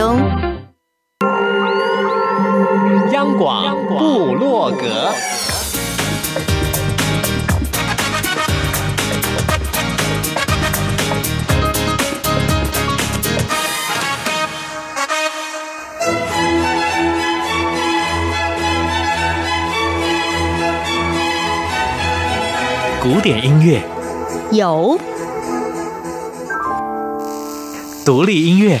央廣部落格，古典音樂有，獨立音樂。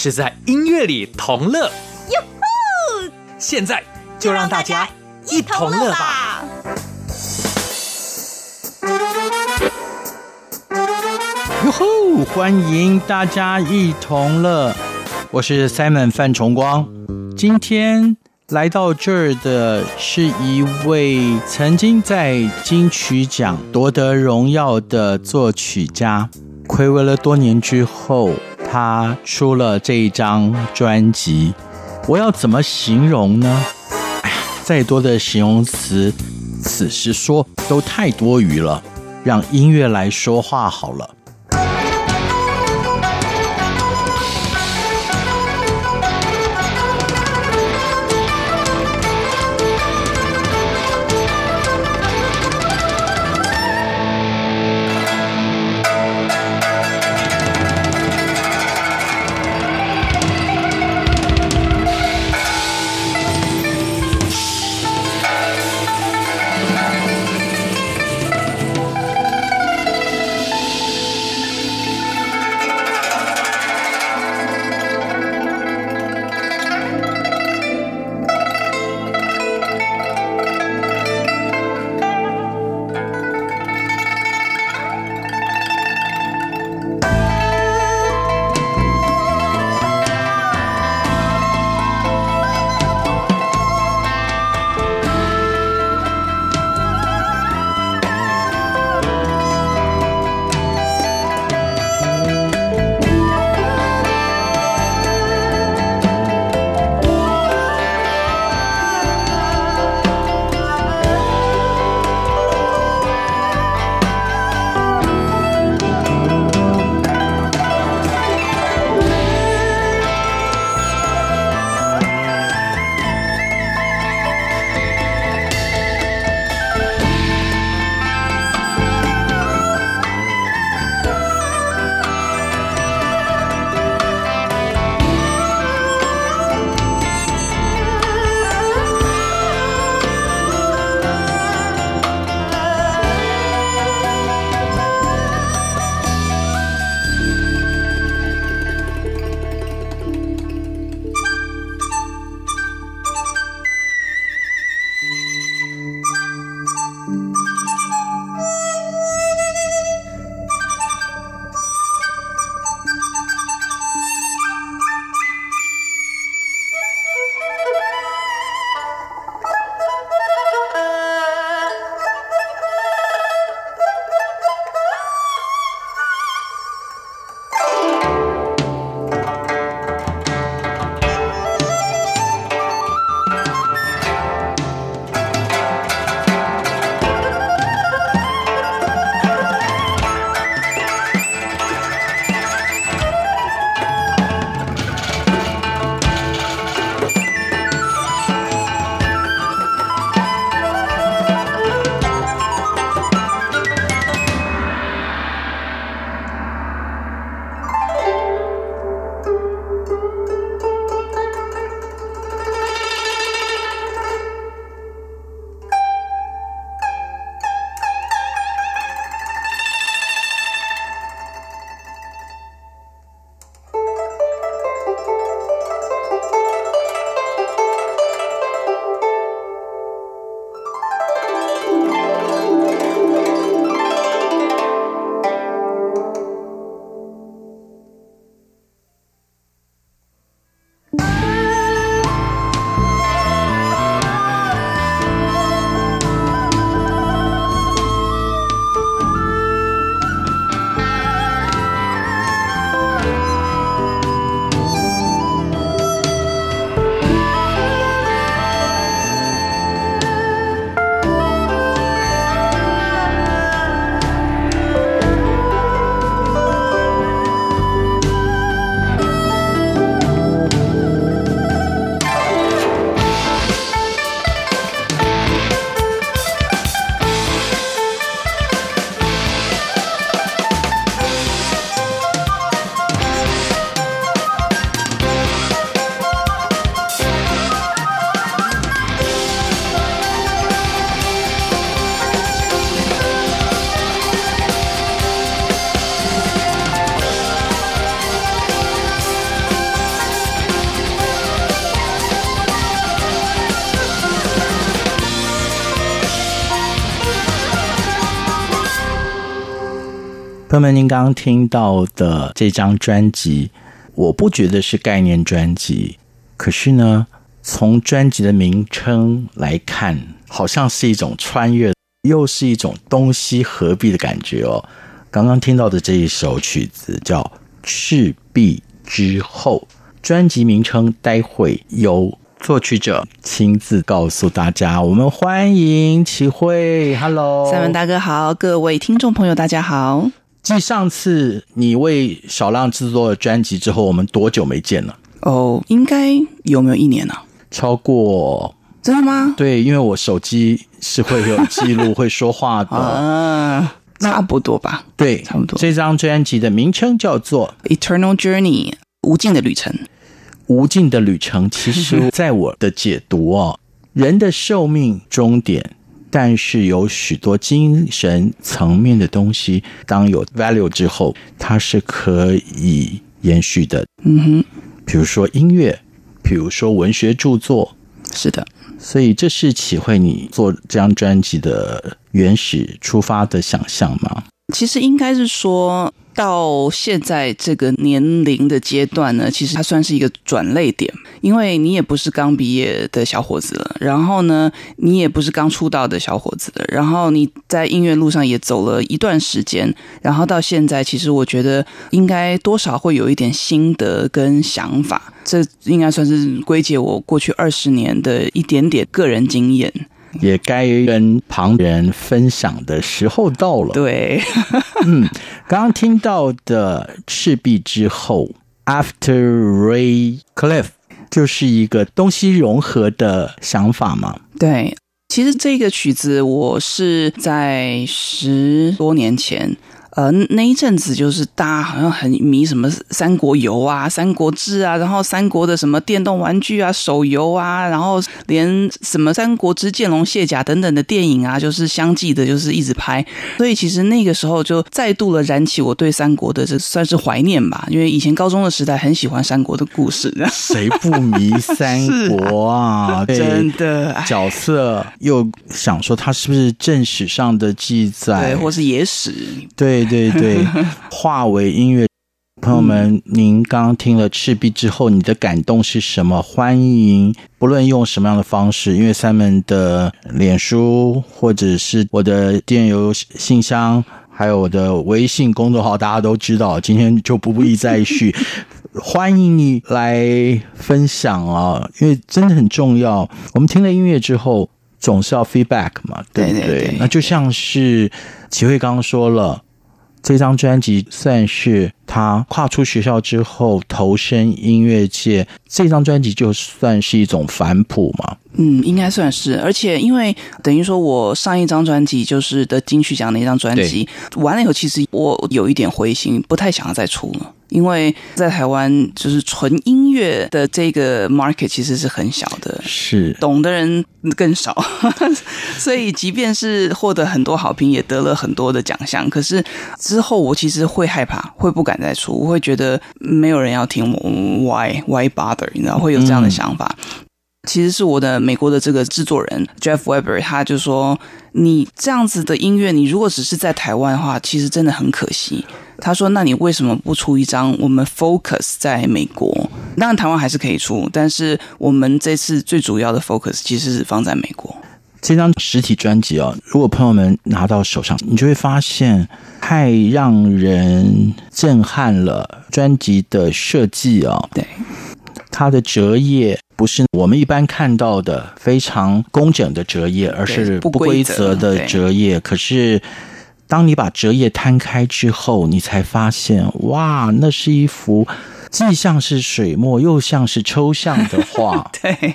是在音樂裡同樂，喲吼！現在就讓大家一同樂吧。喲吼！歡迎大家一同樂。我是 Simon 范崇光，今天來到這兒的是一位曾經在金曲獎奪得榮耀的作曲家，暌違了多年之後。他出了這一張專輯，我要怎麼形容呢？哎呀，再多的形容詞，此時說都太多餘了，讓音樂來說話好了。那麼您剛剛聽到的這張專輯，我不覺得是概念專輯，可是呢，從專輯的名稱來看，好像是一種穿越，又是一種東西合璧的感覺哦。剛剛聽到的這一首曲子叫《赤壁之後》，專輯名稱待會由作曲者親自告訴大家。我們歡迎啟慧，Hello，三文大哥好，各位聽眾朋友大家好。繼上次你為小浪制作的專輯之後，我們多久沒見了？哦，應該有沒有一年呢、啊？超過真的嗎？對，因為我手機是會有記錄、 會說話的。嗯、啊、差不多吧。對，差不多。這張專輯的名稱叫做《Eternal Journey》——無盡的旅程。無盡的旅程，其實在我的解讀哦， 人的壽命終點。但是有許多精神層面的東西，當有 value 之後，它是可以延續的。嗯哼，比如說音樂，比如說文學著作，是的。所以這是啟慧你做這張專輯的原始出發的想象嗎？其實應該是說。到現在這個年齡的階段呢，其實它算是一個轉捩點，因為你也不是剛畢業的小伙子了，然後呢，你也不是剛出道的小伙子了，然後你在音樂路上也走了一段時間，然後到現在，其實我覺得應該多少會有一點心得跟想法，這應該算是歸結我過去二十年的一點點個人經驗，也該跟旁人分享的時候到了。對， 剛剛聽到的《赤壁》之後，After Ray Cliff，就是一個東西融合的想法嗎？對，其實這個曲子我是在十多年前。呃，那一陣子就是大家好像很迷什麼三國遊啊、三國志啊，然後三國的什麼電動玩具啊、手遊啊，然後連什麼《三國之劍龍卸甲》等等的電影啊，就是相繼的，就是一直拍。所以其實那個時候就再度的燃起我對三國的這算是懷念吧，因為以前高中的時代很喜歡三國的故事。誰不迷三國啊？啊 對，真的。角色又想說他是不是正史上的記載，對，或是野史？對。對對，化為音樂朋友們、嗯，您剛聽了《赤壁》之後，你的感動是什麼？歡迎，不論用什麼樣的方式，因為三門的臉書，或者是我的電郵信箱，還有我的微信公眾號，大家都知道，今天就不必再續。 歡迎你來分享啊，因為真的很重要。我們聽了音樂之後，總是要 feedback 嘛，對對對，對不對？那就像是啟慧剛剛說了。這張專輯算是他跨出學校之後投身音樂界，這張專輯就算是一種反哺嘛。嗯，應該算是，而且因為等於說，我上一張專輯就是得金曲獎的一張專輯，完了以後，其實我有一點灰心，不太想要再出了，因為在台灣就是純音樂的這個 market 其實是很小的，是懂的人更少， 所以即便是獲得很多好評，也得了很多的獎項，可是之後我其實會害怕，會不敢再出，我會覺得沒有人要聽我，Why Why bother？你知道，會有這樣的想法。嗯其實是我的美國的這個製作人 Jeff Weber，他就說：“你這樣子的音樂，你如果只是在台灣的話，其實真的很可惜。”他說：“那你為什麼不出一張？我們 focus 在美國，當然台灣還是可以出，但是我們這次最主要的 focus 其實是放在美國。這張實體專輯哦，如果朋友們拿到手上，你就會發現太讓人震撼了。專輯的設計哦，對，它的折頁。”不是我們一般看到的非常工整的折頁，而是不規則的折頁。可是，當你把折頁攤開之後，你才發現，哇，那是一幅既像是水墨、嗯、又像是抽象的畫。 對，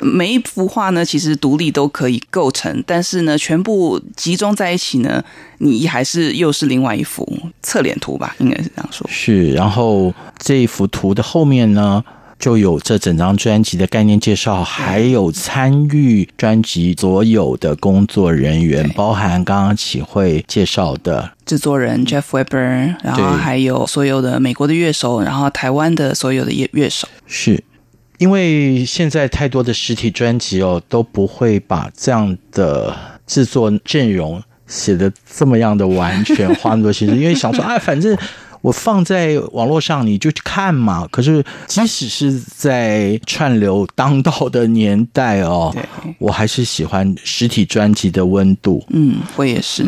每一幅畫呢，其實獨立都可以構成，但是呢，全部集中在一起呢，你還是又是另外一幅側臉圖吧，應該是這樣說。是，然後這一幅圖的後面呢，就有這整張專輯的概念介紹，還有參與專輯所有的工作人員，包含剛剛啟慧介紹的制作人 Jeff Weber，然後還有所有的美國的樂手，然後台灣的所有的樂樂手，是因為現在太多的實體專輯哦都不會把這樣的制作陣容寫得這麼樣的完全，花那麼多心思， 因為想說啊，反正。我放在網絡上，你就去看嘛。可是，即使是在串流當道的年代哦，我還是喜歡實體專輯的溫度。嗯，我也是。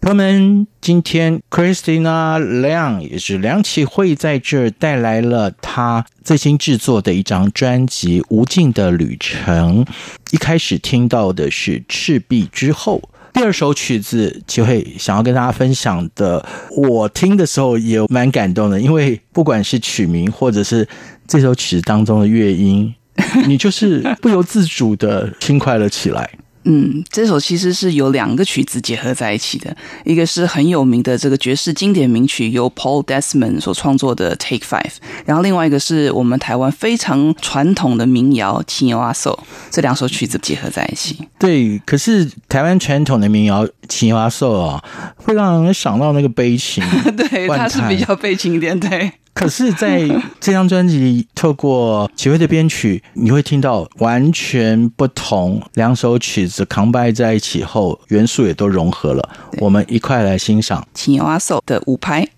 他、嗯、們今天，Christina Liang 也是梁啟慧在這兒帶來了她最新製作的一張專輯《無盡的旅程》。一開始聽到的是《赤壁》之後。第二首曲子就會想要跟大家分享的，我聽的時候也蠻感動的，因為不管是曲名或者是這首曲子當中的樂音，你就是不由自主的輕快了起來。嗯，這首其實是有兩個曲子結合在一起的，一個是很有名的這個爵士經典名曲，由 Paul Desmond 所創作的 Take Five，然後另外一個是我們台灣非常傳統的民謠《青蚵嫂》，這兩首曲子結合在一起。對，可是台灣傳統的民謠《青蚵嫂》啊、哦，會讓人想到那個悲情， 對，它是比較悲情一點，對。 可是，在這張專輯透過齊威的編曲，你會聽到完全不同兩首曲子扛擺在一起後，元素也都融合了。我們一塊來欣賞秦牛阿手的五拍。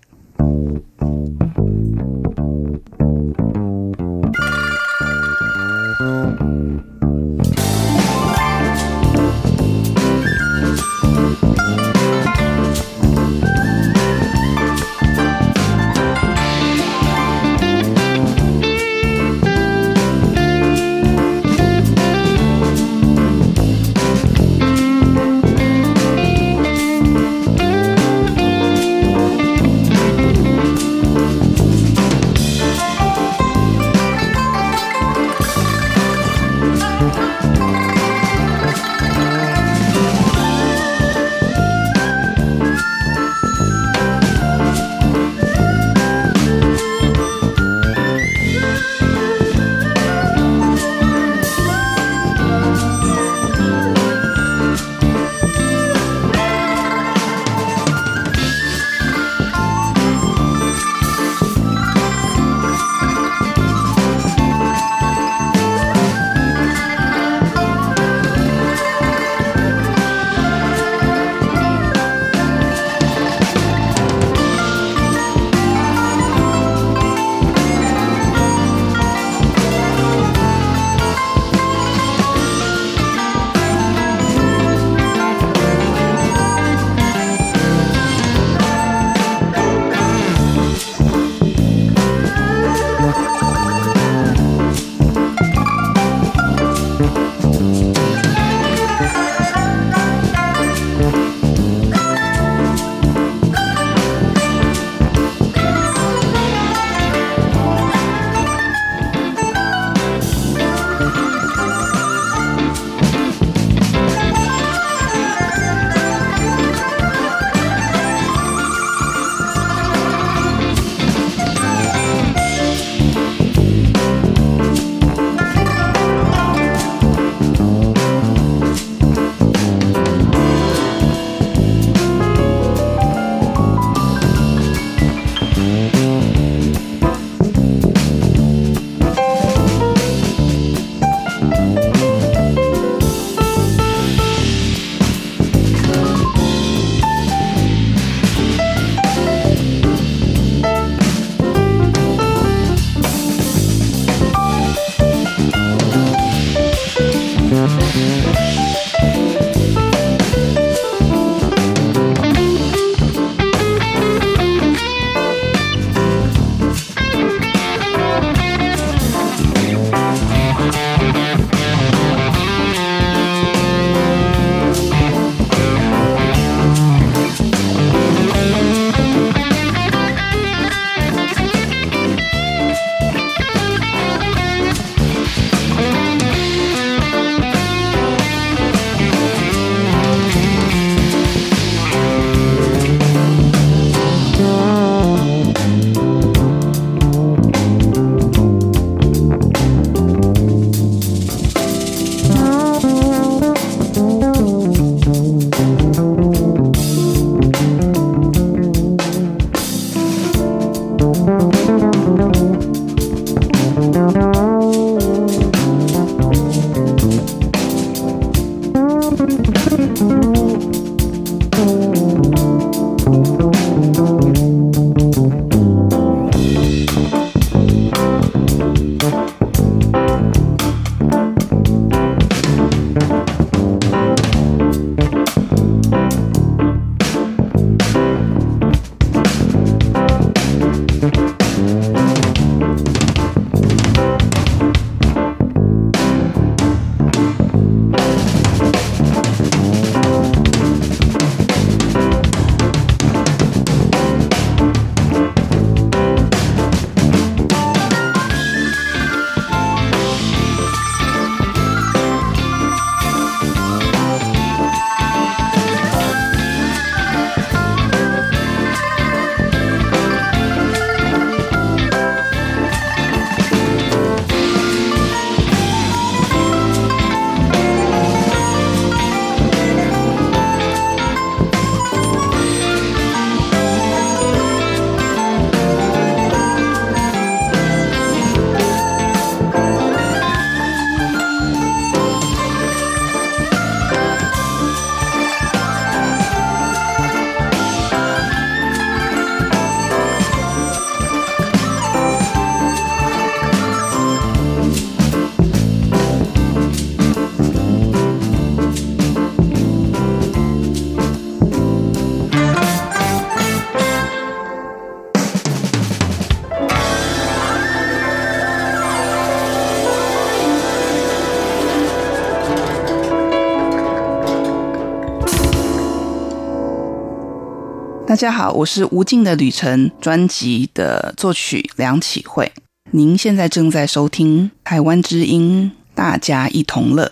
大家好，我是《無盡的旅程》專輯的作曲梁啟慧。您現在正在收聽《台灣之音》，大家一同樂。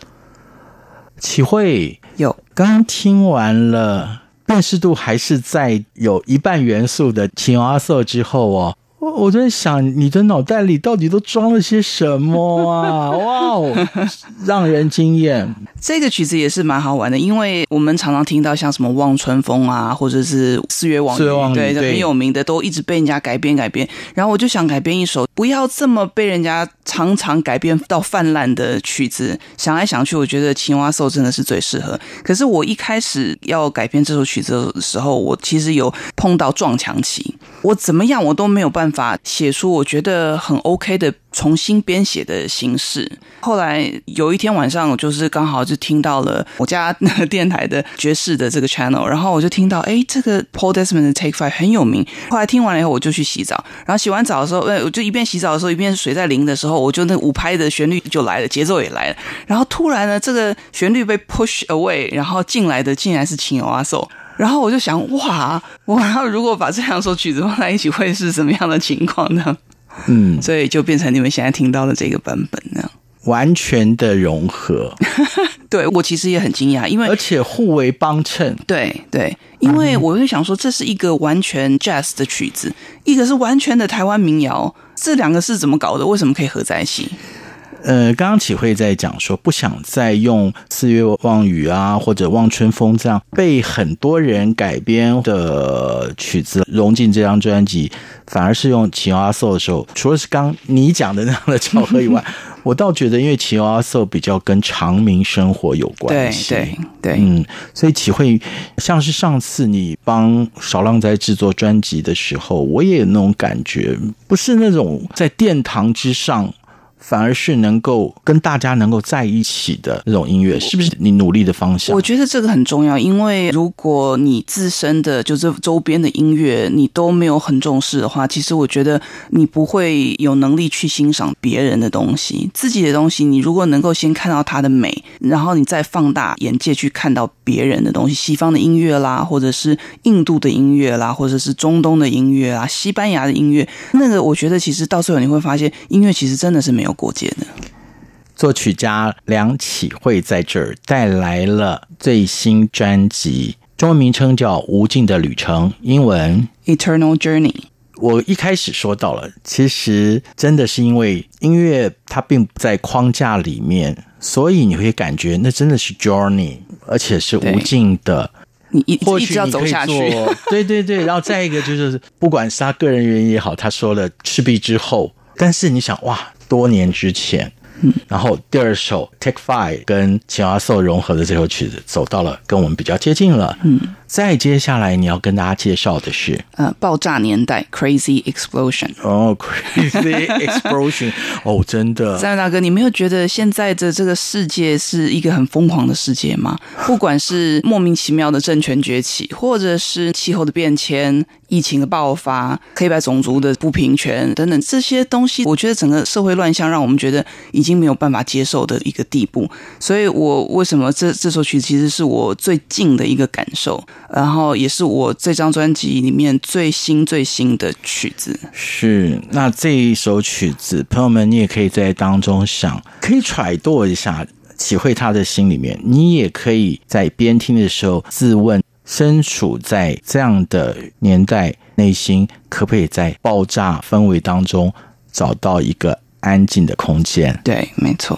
啟慧，有剛聽完了，辨識度還是在有一半元素的青蛙色之後哦。我我在想，你的腦袋裡到底都裝了些什麼啊？哇、 wow，讓人驚豔。這個曲子也是蠻好玩的，因為我們常常聽到像什麼《望春風》啊，或者是四《四月望雨》，對，對很有名的，都一直被人家改編改編。然後我就想改編一首不要這麼被人家常常改編到泛濫的曲子。想來想去，我覺得《青蚵嫂》真的是最適合。可是我一開始要改編這首曲子的時候，我其實有碰到撞牆期，我怎麼樣我都沒有辦法寫出我覺得很 OK 的。重新編寫的形式。後來有一天晚上，我就是剛好就聽到了我家那個電臺的爵士的這個 channel，然後我就聽到，哎、欸，這個 Paul Desmond 的 Take Five 很有名。後來聽完了以後，我就去洗澡。然後洗完澡的時候，哎、欸，我就一邊洗澡的時候，一邊水在淋的時候，我就那五拍的旋律就來了，節奏也來了。然後突然呢，這個旋律被 push away，然後進來的竟然是《情有阿壽》。然後我就想，哇，我然後如果把這兩首曲子放在一起，會是什麼樣的情況呢？嗯，所以就變成你們現在聽到的這個版本呢，完全的融合。 對，我其實也很驚訝，因為而且互為幫襯，對對，因為我就想說，這是一個完全 Jazz 的曲子，嗯，一個是完全的台灣民謠，這兩個是怎麼搞的？為什麼可以合在一起？呃，剛剛啟慧在講說，不想再用四月望雨啊，或者望春風這樣被很多人改編的曲子融進這張專輯，反而是用《青蚵嫂》的時候，除了是剛你講的那樣的巧合以外， 我倒覺得，因為《青蚵嫂》比較跟常民生活有關係，對對對，嗯，所以啟慧像是上次你幫少浪在制作專輯的時候，我也有那種感覺，不是那種在殿堂之上。反而是能夠跟大家能夠在一起的那種音樂，是不是你努力的方向？我覺得這個很重要，因為如果你自身的就這周邊的音樂你都沒有很重視的話，其實我覺得你不會有能力去欣賞別人的東西。自己的東西你如果能夠先看到它的美，然後你再放大眼界去看到別人的東西，西方的音樂啦，或者是印度的音樂啦，或者是中東的音樂啦，西班牙的音樂，那個我覺得其實到最後你會發現，音樂其實真的是沒有。過節的作曲家梁啟慧在這兒帶來了最新專輯，中文名稱叫《無盡的旅程》，英文《Eternal Journey》。我一開始說到了，其實真的是因為音樂它並不在框架裡面，所以你會感覺那真的是 journey，而且是無盡的。或許你一一直要走下去， 對對對。然後再一個就是，不管是他個人原因也好，他說了《赤壁》之後，但是你想哇。多年之前。 然後第二首《Take Five》跟秦阿壽融合的這首曲子走到了跟我們比較接近了。嗯， 再接下來你要跟大家介紹的是呃、嗯，爆炸年代《Crazy Explosion》哦，《Crazy Explosion》哦、 oh，真的。三位大哥，你沒有覺得現在的這個世界是一個很瘋狂的世界嗎？ 不管是莫名其妙的政權崛起，或者是氣候的變遷、疫情的爆發、黑白種族的不平權等等這些東西，我覺得整個社會亂象讓我們覺得已經。沒有辦法接受的一個地步，所以我為什麼這這首曲子其實是我最近的一個感受，然後也是我這張專輯裡面最新最新的曲子。是那這一首曲子，朋友們，你也可以在當中想，可以揣度一下，體會他的心裡面。你也可以在邊聽的時候自問，身處在這樣的年代，內心可不可以在爆炸氛圍當中找到一個？安靜的空間，對，沒錯。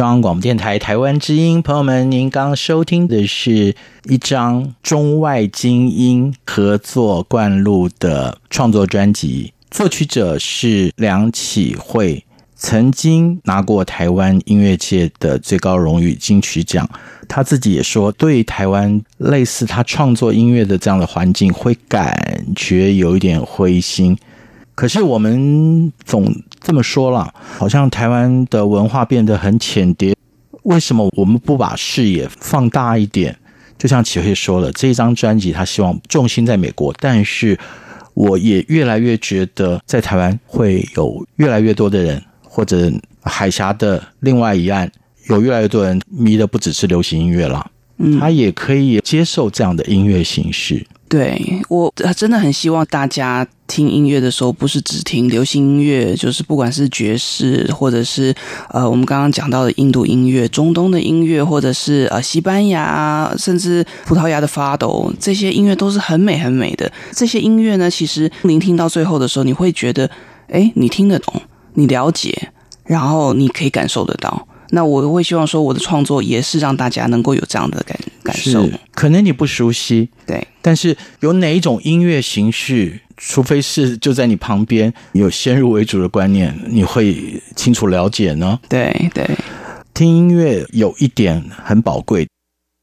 中央廣播電台台灣之音，朋友們，您剛收聽的是一張中外精英合作灌錄的創作專輯，作曲者是梁啟慧，曾經拿過台灣音樂界的最高榮譽金曲獎。她自己也說，對台灣類似她創作音樂的這樣的環境，會感覺有一點灰心。可是我們總這麼說了，好像台灣的文化變得很淺碟。為什麼我們不把視野放大一點？就像啟慧說了，這一張專輯他希望重心在美國，但是我也越來越覺得，在台灣會有越來越多的人，或者海峽的另外一岸，有越來越多人迷的不只是流行音樂了，他也可以接受這樣的音樂形式。對，我真的很希望大家聽音樂的時候，不是只聽流行音樂，就是不管是爵士，或者是呃我們剛剛講到的印度音樂、中東的音樂，或者是呃西班牙甚至葡萄牙的法朵，這些音樂都是很美很美的。這些音樂呢，其實您聽到最後的時候，你會覺得，哎，你聽得懂，你了解，然後你可以感受得到。那我會希望說，我的創作也是讓大家能夠有這樣的感感受。可能你不熟悉，對，但是有哪一種音樂形式，除非是就在你旁邊，有先入為主的觀念，你會清楚了解呢？對對，聽音樂有一點很寶貴，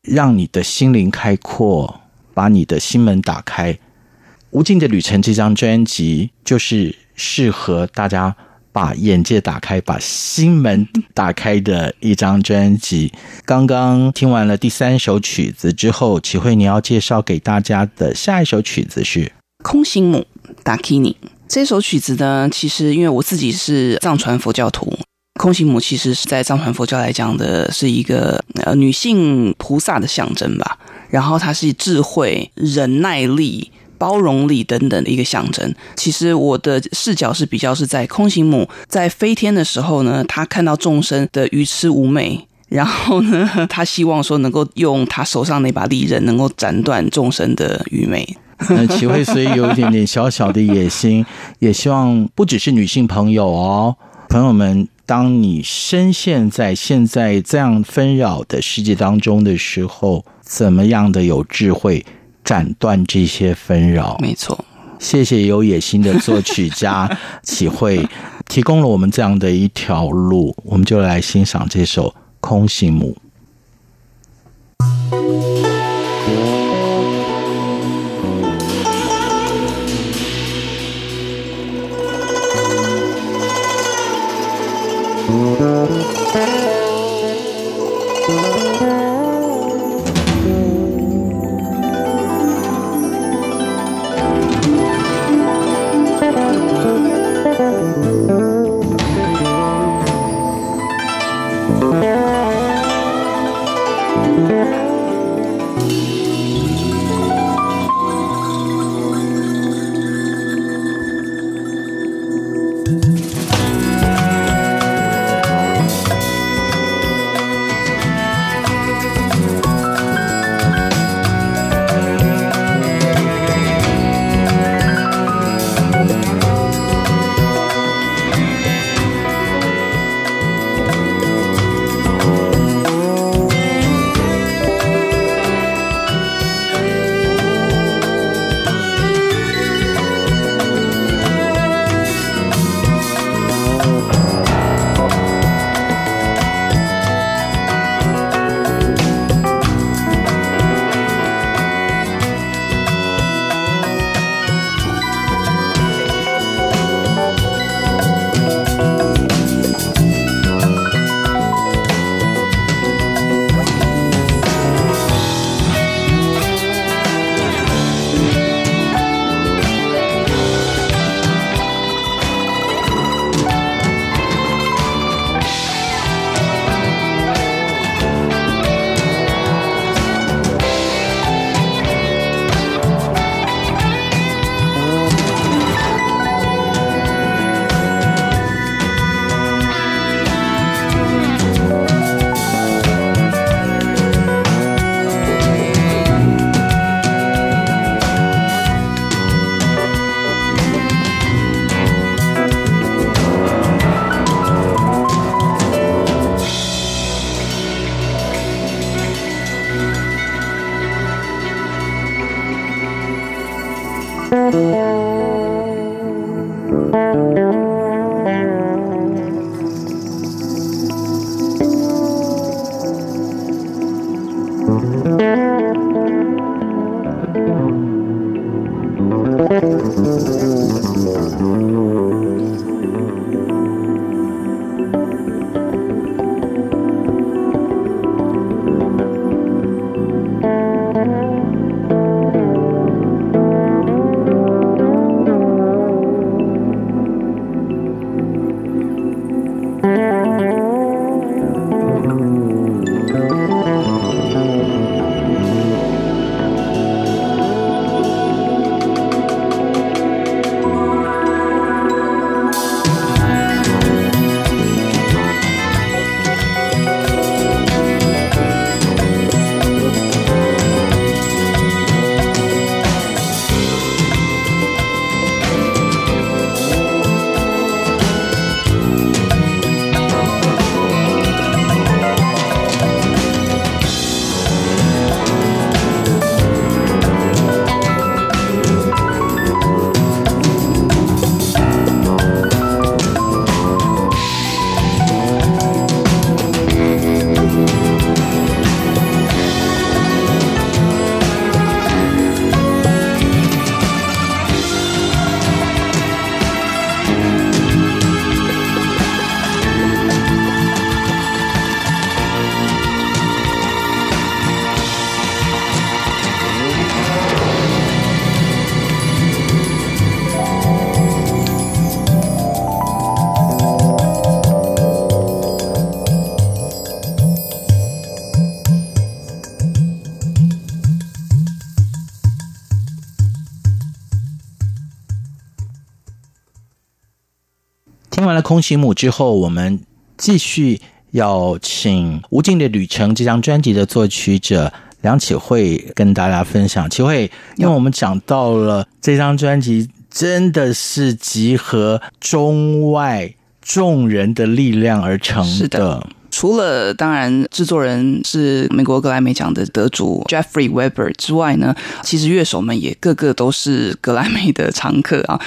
讓你的心靈開闊，把你的心門打開。無盡的旅程這張專輯就是適合大家，把眼界打開，把心門打開的一張專輯。剛剛聽完了第三首曲子之後，啟慧，你要介紹給大家的下一首曲子是《空行母》。達基尼。這首曲子呢，其實因為我自己是藏傳佛教徒，《空行母》其實是在藏傳佛教來講的是一個呃女性菩薩的象徵吧。然後它是智慧、忍耐力。包容力等等的一個象徵。其實我的視角是比較是在空行母在飛天的時候呢，他看到眾生的愚痴無昧，然後呢，他希望說能夠用他手上那把利刃，能夠斬斷眾生的愚昧。那啟慧所以有一點點小小的野心， 也希望不只是女性朋友哦，朋友們，當你深陷在現在這樣紛擾的世界當中的時候，怎麼樣的有智慧？斬斷這些紛擾，沒錯。謝謝有野心的作曲家 啟慧，提供了我們這樣的一條路，我們就來欣賞這首《空心木》。 那空心母之後，我們繼續要請《無盡的旅程》這張專輯的作曲者梁啟慧跟大家分享。啟慧，因為我們講到了這張專輯真的是集合中外眾人的力量而成的，是的。除了當然制作人是美國格萊美獎的得主 Jeffrey Weber 之外呢，其實樂手們也個個都是格萊美的常客啊。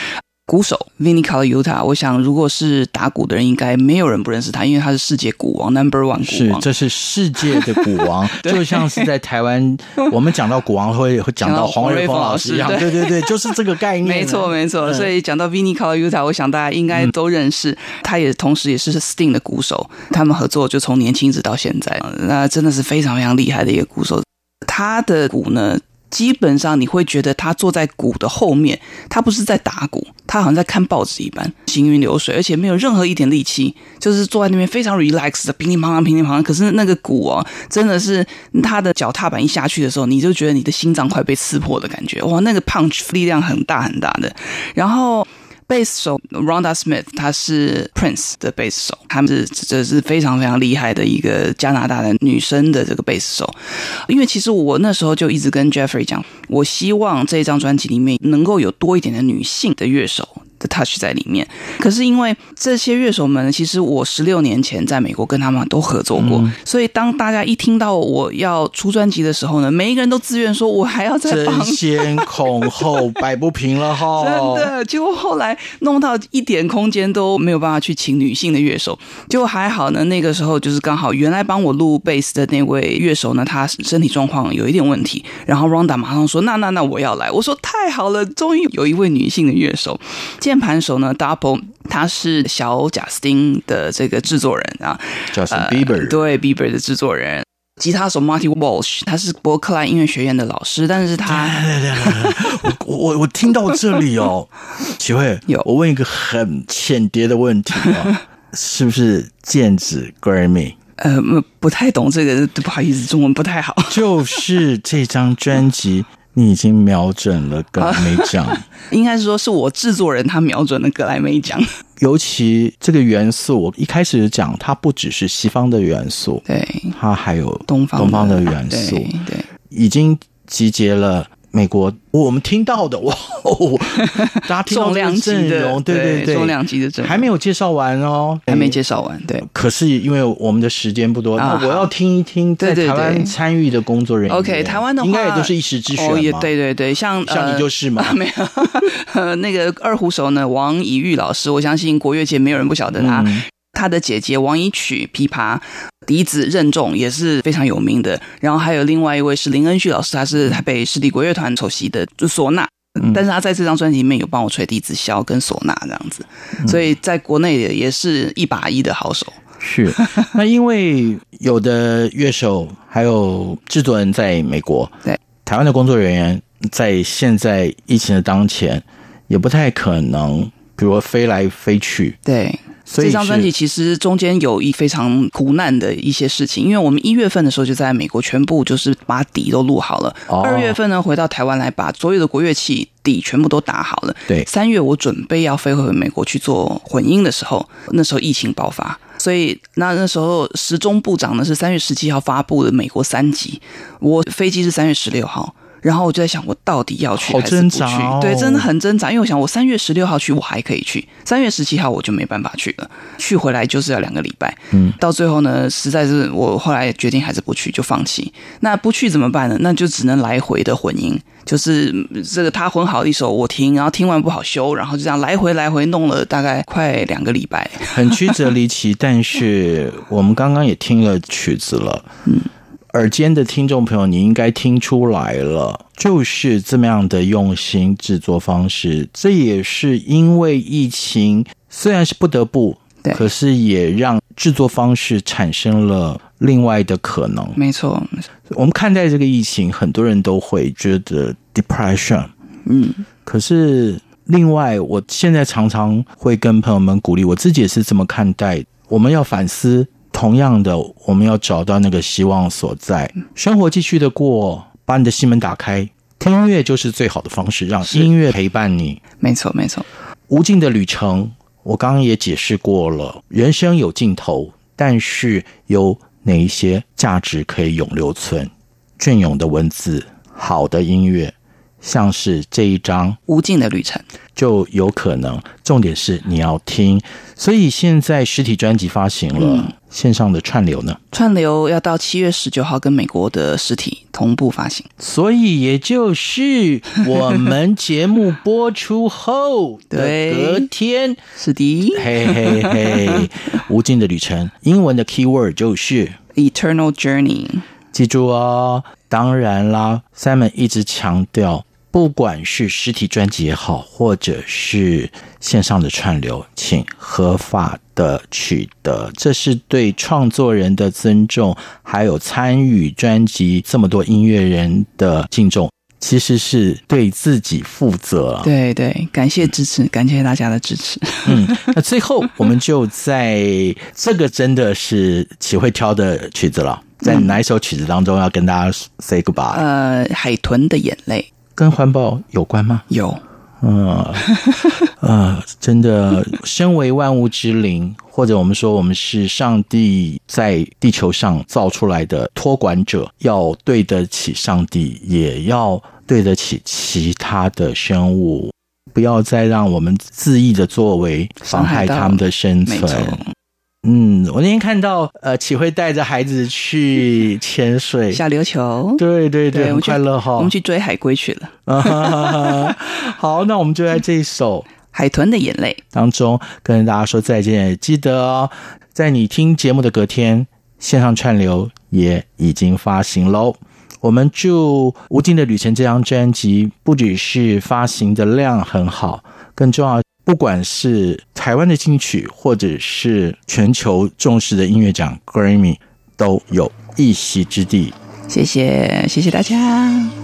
鼓手 Vinnie Colaiuta，我想如果是打鼓的人，應該沒有人不認識他，因為他是世界鼓王，Number、no. One 鼓王。是，這是世界的鼓王， 就像是在台灣， 我們講到鼓王會會講到黃瑞豐老師一樣。 對，對對對， 就是這個概念、啊。沒錯沒錯。所以講到 Vinnie Colaiuta，我想大家應該都認識。嗯、他也同時也是 Sting 的鼓手，他們合作就從年輕直到現在，那真的是非常非常厲害的一個鼓手。他的鼓呢？基本上你會覺得他坐在鼓的後面，他不是在打鼓，他好像在看報紙一般，行雲流水，而且沒有任何一點力氣，就是坐在那邊非常 relax 的，乒乒乓乓，乒乒乓乓。可是那個鼓哦，真的是他的腳踏板一下去的時候，你就覺得你的心臟快被刺破的感覺，哇，那個 punch 力量很大很大的，然後。貝斯手 Rhonda Smith，她是 Prince 的貝斯手，她們是這是非常非常厲害的一個加拿大的女生的這個貝斯手。因為其實我那時候就一直跟 Jeffrey 講，我希望這一張專輯裡面能夠有多一點的女性的樂手。的 touch 在裡面，可是因為這些樂手們，其實我十六年前在美國跟他們都合作過，嗯、所以當大家一聽到我要出專輯的時候呢，每一個人都自願說：“我還要再爭先恐後擺 不平了哈！”真的，就後來弄到一點空間都沒有辦法去請女性的樂手，就還好呢。那個時候就是剛好原來幫我錄貝斯的那位樂手呢，他身體狀況有一點問題，然後 Ronda 馬上說：“那那那我要來！”我說：“他。” 太好了，終於有一位女性的樂手，鍵盤手呢 Doppel 他是小賈斯汀的這個制作人啊，Justin Bieber、呃、對 Bieber 的制作人，吉他手 Marty Walsh，他是伯克萊音樂學院的老師，但是他， 我我我,我聽到這裡哦，啟 慧，有我問一個很淺碟的問題啊、哦，是不是鍵子 Grammy？呃，不太懂這個，不好意思，中文不太好， 就是這張專輯。 你已經瞄準了格萊美獎，應該是說是我制作人他瞄準了格萊美獎。尤其這個元素，我一開始講它不只是西方的元素，對，它還有東方的，東方的元素，啊，對，對，已經集結了。美國、哦，我們聽到的哇，哦、大家聽這 重量級的，對對對，對重量級的陣容還沒有介紹完哦、欸，還沒介紹完，對。可是因為我們的時間不多，啊、那我要聽一聽在台灣參與的工作人員。OK，台灣的應該也都是一時之選嘛、okay, 哦，對對對，像像你就是嘛、呃呃，沒有呵呵那個二胡手呢，王以玉老師，我相信國樂界沒有人不曉得他。嗯他的姐姐王以曲，琵琶、笛子任重也是非常有名的。然後還有另外一位是林恩旭老師，他是台北市立國樂團首席的就嗩吶，但是他在這張專輯裡面有幫我吹笛子、簫跟嗩吶這樣子、嗯，所以在國內也是一把一的好手。是那因為有的樂手還有制作人在美國， 對台灣的工作人員在現在疫情的當前也不太可能，比如飛來飛去，對。所以這張專輯其實中間有一非常苦難的一些事情，因為我們一月份的時候就在美國全部就是把底都錄好了，二、哦、月份呢回到台灣來把所有的國樂器底全部都打好了，對，三月我準備要飛回美國去做混音的時候，那時候疫情爆發，所以那那時候時中部長呢是三月十七號發布的美國三級，我飛機是三月十六號。然後我就在想，我到底要去還是不去，好掙扎哦。對，真的很掙扎，因為我想，我三月十六號去，我還可以去；三月十七號我就沒辦法去了。去回來就是要兩個禮拜。嗯，到最後呢，實在是我後來決定還是不去，就放棄。那不去怎麼辦呢？那就只能來回的混音，就是這個他混好一首我聽，然後聽完不好修，然後就這樣來回來回弄了大概快兩個禮拜，很曲折離奇。 但是我們剛剛也聽了曲子了，嗯。耳尖的聽眾朋友，你應該聽出來了，就是這麼樣的用心制作方式。這也是因為疫情，雖然是不得不，可是也讓制作方式產生了另外的可能。沒錯，沒錯，我們看待這個疫情，很多人都會覺得 depression。嗯，可是另外，我現在常常會跟朋友們鼓勵，我自己也是這麼看待。我們要反思。同樣的，我們要找到那個希望所在，生活繼續的過，把你的心門打開，聽音樂就是最好的方式，讓音樂陪伴你。沒錯，沒錯，無盡的旅程，我剛剛也解釋過了，人生有盡頭，但是有哪一些價值可以永留存？雋永的文字，好的音樂。像是這一張《無盡的旅程》，就有可能。重點是你要聽，所以現在實體專輯發行了，嗯，線上的串流呢？串流要到七月十九號跟美國的實體同步發行，所以也就是我們節目播出後的隔天 對是的。嘿嘿嘿，《無盡的旅程》英文的 keyword 就是《Eternal Journey》，記住哦。當然啦，Simon 一直強調。不管是實體專輯也好，或者是線上的串流，請合法的取得，這是對創作人的尊重，還有參與專輯這麼多音樂人的敬重，其實是對自己負責。對對，感謝支持、嗯，感謝大家的支持。嗯，那最後我們就在 這個真的是豈會挑的曲子了，在哪一首曲子當中要跟大家 say goodbye？嗯、呃，海豚的眼淚。跟環保有關嗎？有， 呃，呃，真的，身為萬物之靈，或者我們說，我們是上帝在地球上造出來的托管者，要對得起上帝，也要對得起其他的生物，不要再讓我們恣意的作為，妨害他們的生存。嗯，我那天看到，呃，啟慧帶着孩子去潛水，小琉球，對對對，對很快樂哈、哦，我們去追海龜去了。 好，那我們就在這一首《海豚的眼淚》當中跟大家說再見。記得哦，在你聽節目的隔天，線上串流也已經發行嘍。我們就《無盡的旅程》這張專輯，不只是發行的量很好，更重要。不管是台灣的金曲，或者是全球重視的音樂獎 Grammy，都有一席之地。謝謝，謝謝大家。